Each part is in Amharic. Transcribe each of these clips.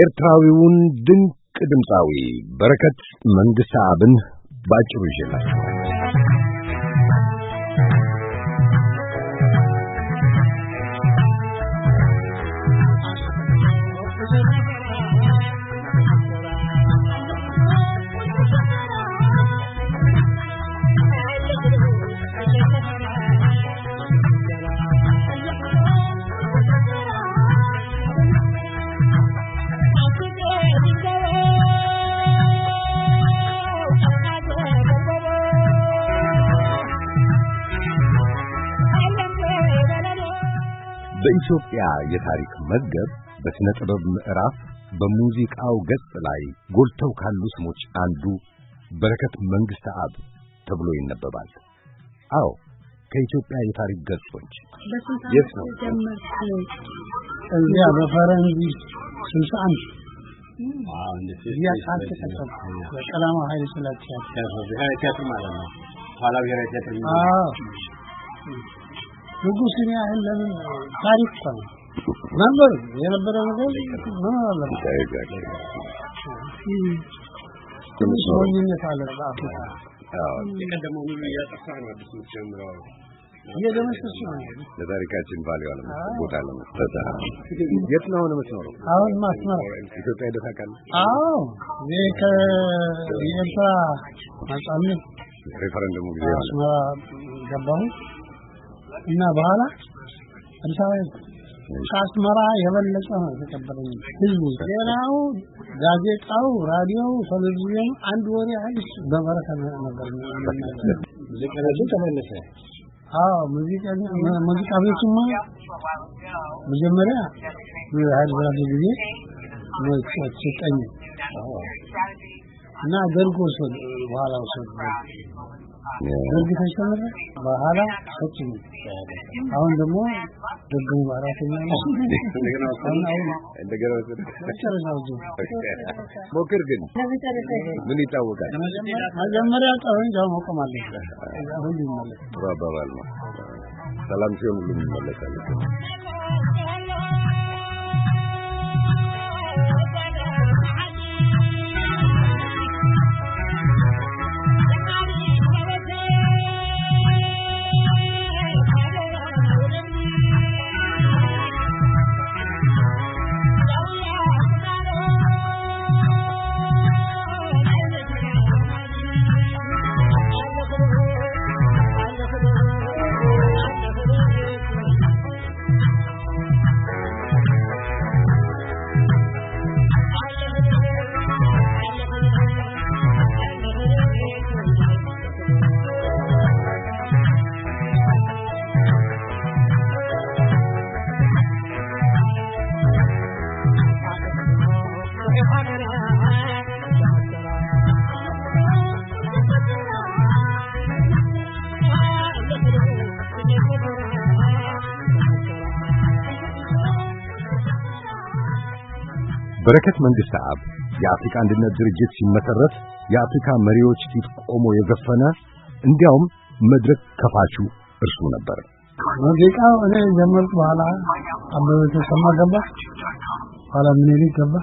ኤርትራዊውን ድንቅ ድምፃዊ በረከት መንግሥተ አብን ባጭሩ ይዤላችኋል። በኢትዮጵያ የታሪክ መዝገብ በሥነ ጥበብ ምዕራፍ በሙዚቃው ገጽ ላይ ጎልተው ካሉ ስሞች አንዱ በረከት መንግሥተ አብ ተብሎ ይነበባል። አዎ፣ ከኢትዮጵያ የታሪክ ገጾች የት ነው? እዚያ በፈረንጅ ስልሳ አንድ እዚያ ቃል ተቀጠሉ በቀዳማዊ ኃይለ ሥላሴ ብሔራዊ ቲያትር ማለት ነው። ኋላ ብሔራዊ ቲያትር ንጉስን ያህል ለምን ታሪክ ሰው ነበር የነበረ ነገር ምን አለ ትንሽ አለ በአፍሪካ ነው ለታሪካችን ቦታ የት ነው አሁን የምትኖረው አሁን ኢትዮጵያ አዎ ከኤርትራ ነጻነት ጊዜ አስመራ እና በኋላ አዲስ አበባ ከአስመራ የበለጠ ነው የተቀበለኝ ህዝቡ። ሌላው ጋዜጣው፣ ራዲዮው፣ ቴሌቪዥኑ አንድ ወሬ አይስ በበረከ ነበር። ሙዚቃ ተመለሰ። አዎ ቤቱማ መጀመሪያ ሀይል ጊዜ ሰጠኝ እና ደርጎ ሰ በኋላ ሰ ድርጅት ተጀመረ። በኋላ እቺ አሁን ደግሞ ደግሞ አራተኛ ነው። ሞክር ግን ምን ይታወቃል? መጀመሪያ ጣሁን ጃው መቆም ሁሉ ይመለስ ጥሩ አባባል ነው። ሰላም ሲሆን ሁሉ ይመለሳል። በረከት መንግስት አብ የአፍሪካ አንድነት ድርጅት ሲመሰረት የአፍሪካ መሪዎች ፊት ቆሞ የዘፈነ እንዲያውም መድረክ ከፋቹ እርሱ ነበር። ሙዚቃው እኔ ጀመርኩ። በኋላ አበበ ተሰማ ገባ፣ በኋላ ምኒልክ ገባ።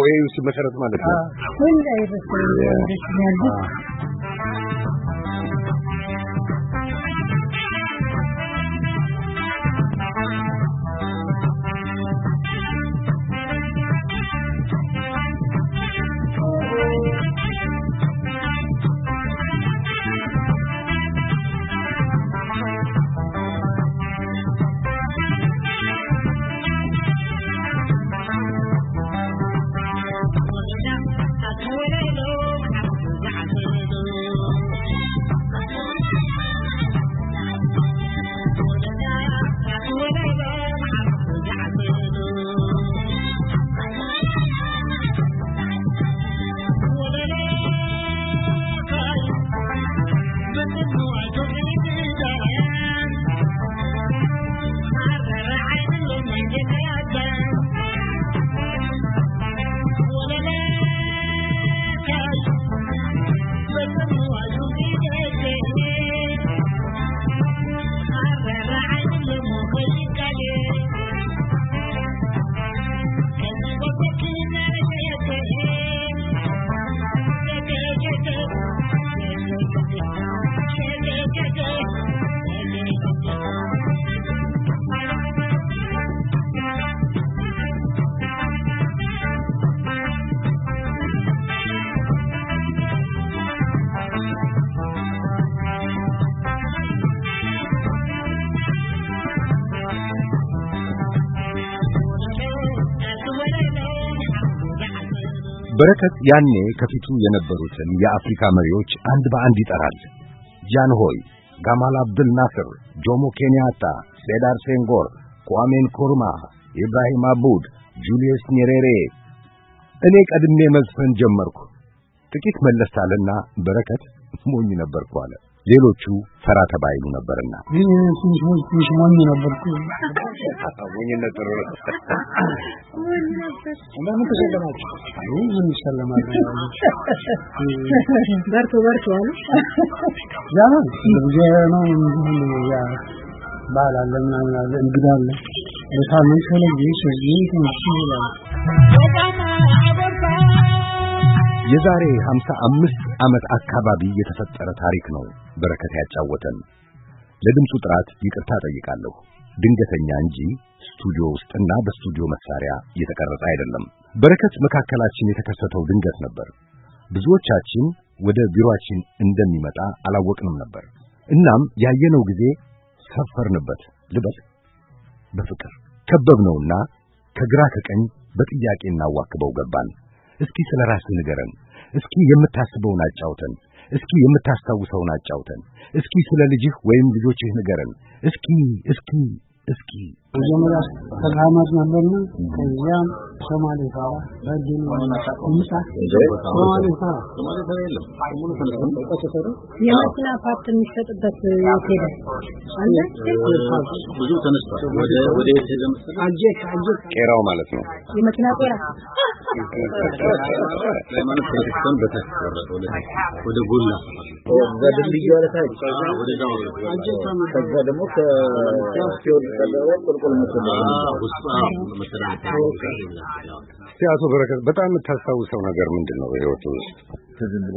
ኦኤዩ ሲመሰረት ማለት ነው። በረከት ያኔ ከፊቱ የነበሩትን የአፍሪካ መሪዎች አንድ በአንድ ይጠራል። ጃን ሆይ፣ ጋማል አብዱል ናስር፣ ጆሞ ኬንያታ፣ ሴዳር ሴንጎር፣ ኳሜ ንኩሩማ፣ ኢብራሂም አቡድ፣ ጁልየስ ኒሬሬ እኔ ቀድሜ መዝፈን ጀመርኩ። ጥቂት መለስ በረከት ሞኝ ነበርኩ አለ። ሌሎቹ ፈራ ተባይሉ ነበርና ትንሽ ሞኝ ነበርኩ። ሞኝነት ጥሩ ተሸለማችሁ? ምን ይሸለማል? አሉ። ያ በዓል አለ ምናምን አለ እንግዳ አለ። በሳምንት የዛሬ 55 ዓመት አካባቢ የተፈጠረ ታሪክ ነው በረከት ያጫወተን። ለድምፁ ጥራት ይቅርታ ጠይቃለሁ። ድንገተኛ እንጂ ስቱዲዮ ውስጥና በስቱዲዮ መሳሪያ እየተቀረጸ አይደለም። በረከት መካከላችን የተከሰተው ድንገት ነበር። ብዙዎቻችን ወደ ቢሮአችን እንደሚመጣ አላወቅንም ነበር። እናም ያየነው ጊዜ ሰፈርንበት ልበል፣ በፍቅር ከበብነውና ከግራ ከቀኝ በጥያቄ እናዋክበው ገባን። እስኪ ስለ ራስህ ንገረን። እስኪ የምታስበውን አጫውተን። እስኪ የምታስታውሰውን አጫውተን። እስኪ ስለ ልጅህ ወይም ልጆችህ ንገረን። እስኪ እስኪ እስኪ መጀመሪያ ተራማድ ነበርና ከዚያም ሶማሌ ጋራ በርጂን የሚሸጥበት ብዙ ቄራው ማለት ነው የመኪና ቄራ ወደ ጎላ ወደ ድልድዩ አለታች ወደ ከዛ ደግሞ ከ ቁልቁል እስቲ አቶ በረከት በጣም የምታስታውሰው ነገር ምንድን ነው? በህይወት ውስጥ ብዙ ነው።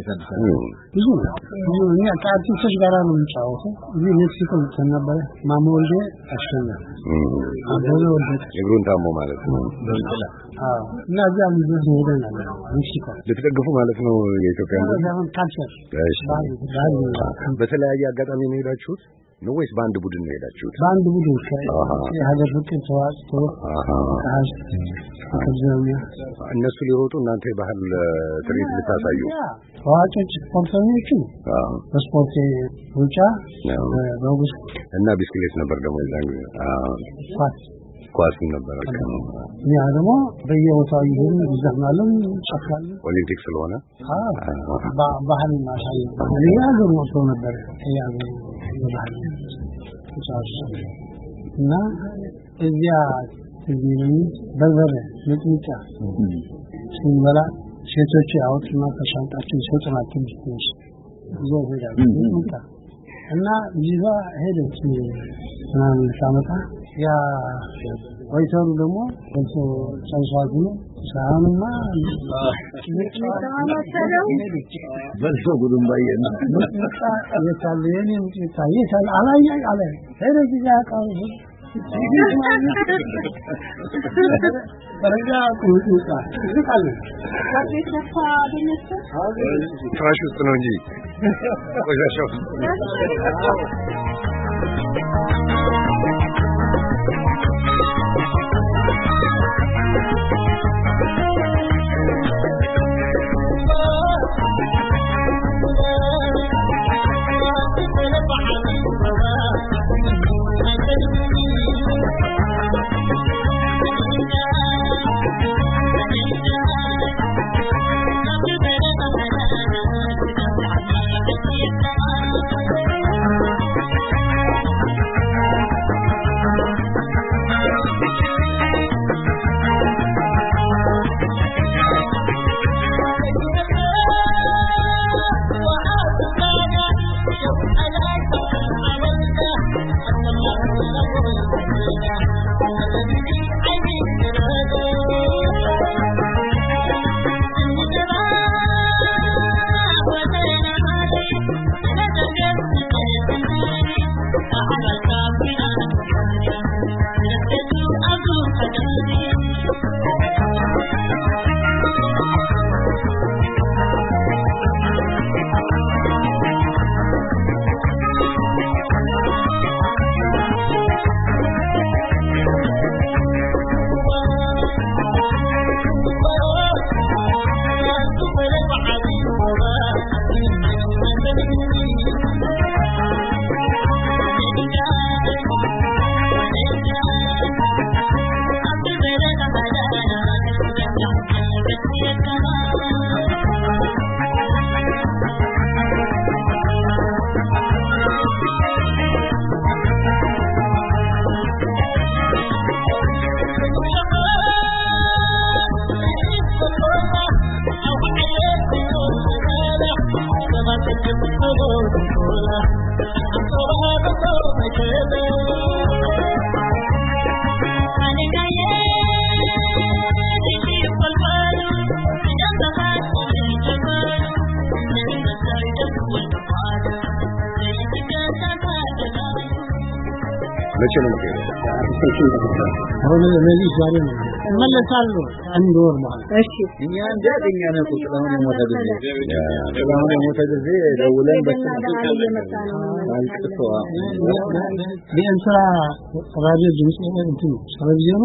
እኛ ከአርቲስቶች ጋር ነው የሚጫወተው። እዚህ ሜክሲኮ ልትን ነበረ። ማሞ አበበ እግሩን ታሞ ማለት ነው እና እዚያ ሜክሲኮ ልትደግፉ ማለት ነው የኢትዮጵያ ካልቸር በተለያየ አጋጣሚ ነው ነው ወይስ በአንድ ቡድን ነው የሄዳችሁት? በአንድ ቡድን የሀገር ፍቅር ተዋጽቶ እነሱ ሊሮጡ እናንተ የባህል ትርኢት ልታሳዩ ታዋቂዎች ስፖርተኞቹ በስፖርት ሩጫ በጉስ እና ቢስክሌት ነበር ደግሞ የዛን ጊዜ ኳስ ኳስ ነበር። ያ ደግሞ በየቦታው ይሄን ይዘናለን ጫካል ኦሊምፒክ ስለሆነ ባህል ማሳየ ያ ገሩ ነበር ያ ይላል እና እዚያ እዚህ በርበሬ ሚጥሚጣ ስንበላ ሴቶቹ ያወጡና ከሻንጣቸው ይሰጡናል ትንሽ ይዞ ይሄዳል ሚጥሚጣ እና ይዛ ሄደች ምናምን ልታመጣ ያ ወይተሩ ደግሞ ጨርሶ ጨርሷ Sanmam. Ben çok durumda yerim. Yeterliyim. Yeter. Alay alay. Her güzel kaldı. Tıraşmışsın önce. Kocaşım. መቼ ነው አሁን እነዚህ ዛሬ ነው እመለሳሉ። አንድ ወር ማለት እሺ። እኛ እንዲያገኛ ነው ቁጥራውን የሞተ ጊዜ ጊዜ ደውለን በእንስራ ነው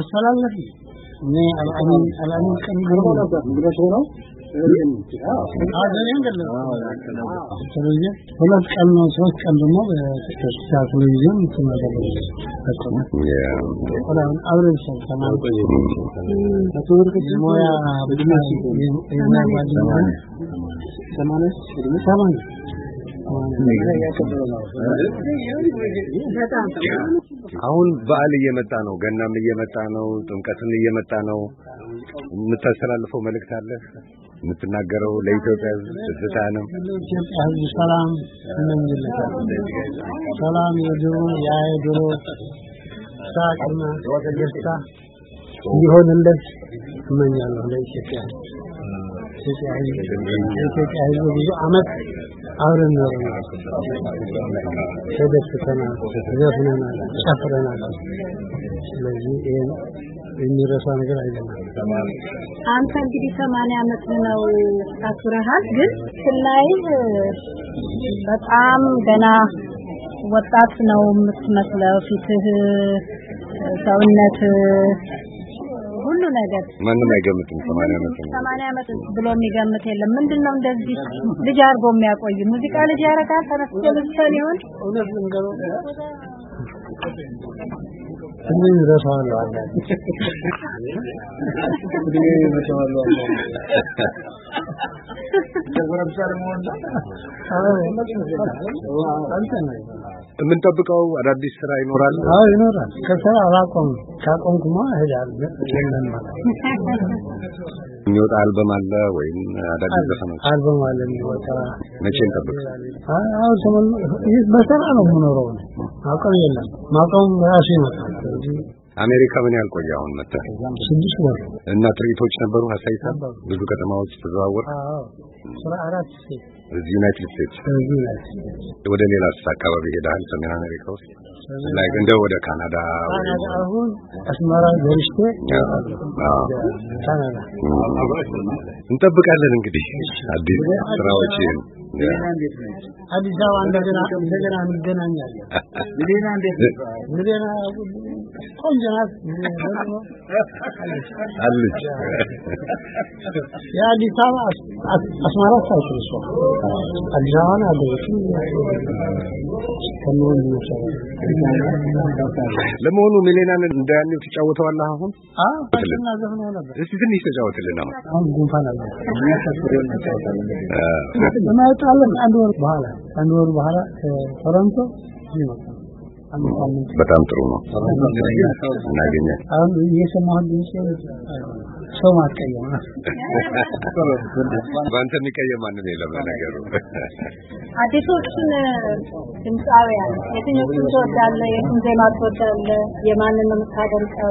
አስተላለፍ እኔ ስለዚህ ሁለት ቀን ነው ሶስት ቀን ደግሞ አሁን በዓል እየመጣ ነው፣ ገናም እየመጣ ነው፣ ጥምቀትም እየመጣ ነው። የምታስተላልፈው መልእክት አለ? የምትናገረው ለኢትዮጵያ ሕዝብ ደስታ ነው። ለኢትዮጵያ ሕዝብ ሰላም እንመኝለታል። ሰላም የድሮ ያ የድሮ ሳቅና ደስታ እንዲሆንለት እመኛለሁ። ለኢትዮጵያ ኢትዮጵያ ሕዝብ ብዙ አመት አብረን ኖረናል፣ ተደስተናል፣ ዘፍነናል፣ ጨፍረናል። ስለዚህ ይህን የሚረሳ ነገር አይደለም። አንተ እንግዲህ ሰማንያ አመት ነው ታስረሃል፣ ግን ስላይ በጣም ገና ወጣት ነው የምትመስለው። ፊትህ፣ ሰውነት፣ ሁሉ ነገር ማንም አይገምትም። 80 አመት 80 አመት ብሎ የሚገምት የለም። ምንድነው እንደዚህ ልጅ አድርጎ የሚያቆይ ሙዚቃ ልጅ ያረጋል። ተነስቶ ልጅ ሰን ይሁን እውነት ልንገረው Livet har en lang vei. Livet har en lang vei. जगह सरमोड የምንጠብቀው አዳዲስ ስራ ይኖራል? አዎ ይኖራል። ከስራ አላቆምም። ካቆምኩማ እሄዳለሁ የለም ማለት የሚወጣ አልበም አለ ወይም አዳዲስ ዘፈኖች? አልበም አለ የሚወጣ። መቼ እንጠብቅ? አዎ በስራ ነው የምኖረው። ማቆም የለም። ማቆም ራሱ ይመጣል። አሜሪካ ምን ያህል ቆየ? አሁን መጣ ስድስት ወር እና ትርኢቶች ነበሩ። ሀሳይታ ብዙ ከተማዎች ተዘዋወር አራት እዚህ ዩናይትድ ስቴትስ ወደ ሌላ አካባቢ ሄዳል? ሰሜን አሜሪካ ውስጥ ላይክ እንደ ወደ ካናዳ አሁን አስመራ ደርሼ ካናዳ እንጠብቃለን እንግዲህ አዲስ ስራዎችን አዲስ አበባ እንደገና እንደገና እንገናኛለን። ሌላ እንዴት ነው? ሌላ ቆንጆ ናት አለች። የአዲስ አበባ አስማራ ሳይችል እሷ አዲስ አበባን ለመሆኑ ሚሌናን እንዳያኔው ትጫወተዋለህ? አሁን እስቲ ትንሽ ተጫወትልና እንወጣለን። አንድ ወር በኋላ አንድ ወር በኋላ ከቶሮንቶ በጣም ጥሩ ነው። እናገኛለን። አሁን እየሰማሁህ ድምጽ ሰው ማቀየም በአንተ የሚቀየም ማንም የለም። ነገሩ አዲሶቹን ድምፃውያን የትኞቹን ትወዳለህ? የቱን ዜማ ትወዳለህ? የማንን ነው የምታደምጠው?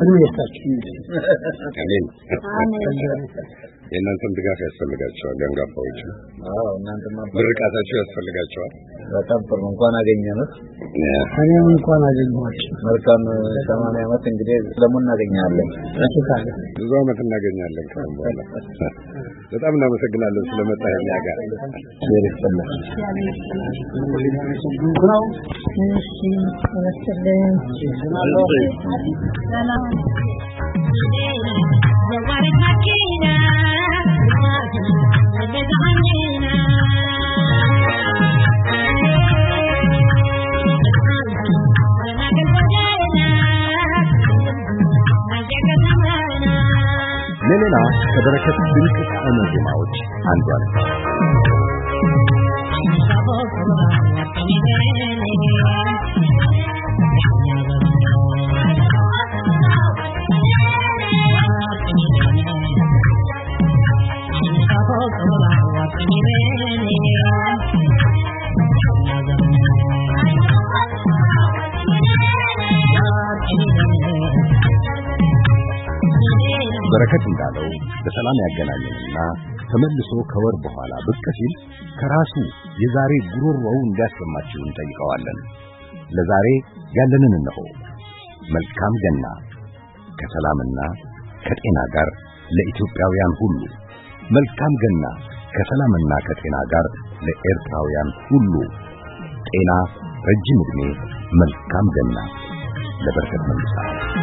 እድሜ ይስጣችሁ። የእናንተም ድጋፍ ያስፈልጋቸዋል። ያንጋፋዎች ምርቃታቸው ያስፈልጋቸዋል። በጣም ጥሩ እንኳን አገኘንህ። እኔም እንኳን አገኘኋችሁ። መልካም ሰማንያ ዓመት እንግዲህ ደግሞ እናገኛለን። ብዙ ዓመት እናገኛለን። ከአሁን በኋላ በጣም እናመሰግናለን ስለመጣህ እኛ ጋር ሰላም ሌላ ከበረከት ድንቅ ሆነ ዜማዎች አንዷ ነች። በረከት እንዳለው በሰላም ያገናኘንና ተመልሶ ከወር በኋላ ብቅ ሲል ከራሱ የዛሬ ጉሮሮው እንዲያሰማችሁ እንጠይቀዋለን። ለዛሬ ያለንን እነሆ። መልካም ገና ከሰላምና ከጤና ጋር ለኢትዮጵያውያን ሁሉ፣ መልካም ገና ከሰላምና ከጤና ጋር ለኤርትራውያን ሁሉ። ጤና፣ ረጅም ዕድሜ፣ መልካም ገና ለበረከት መንግሥት